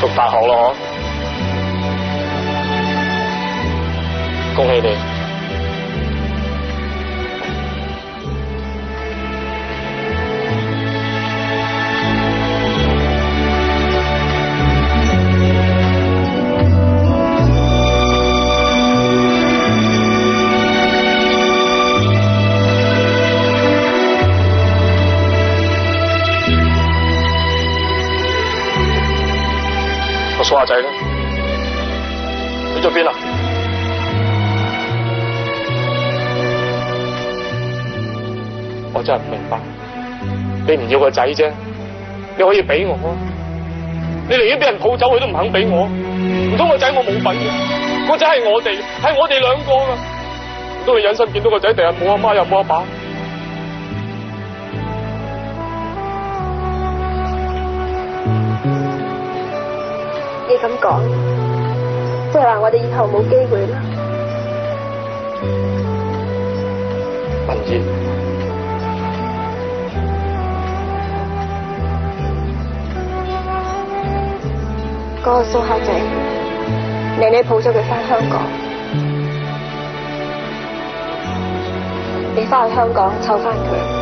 讀大學咯，恭喜你！個仔咧，去咗邊啊？我真係唔明白，你唔要個仔啫，你可以俾我啊？你寧願俾人抱走，佢都唔肯俾我。唔通個仔我冇份嘅？個仔係我哋，係我哋兩個噶。唔通你忍心見到個仔第日冇阿媽又冇阿爸？你咁講，即係話我哋以後冇機會啦。文賢字，嗰個蘇蝦仔，你你抱咗佢翻香港，你翻去香港湊翻佢。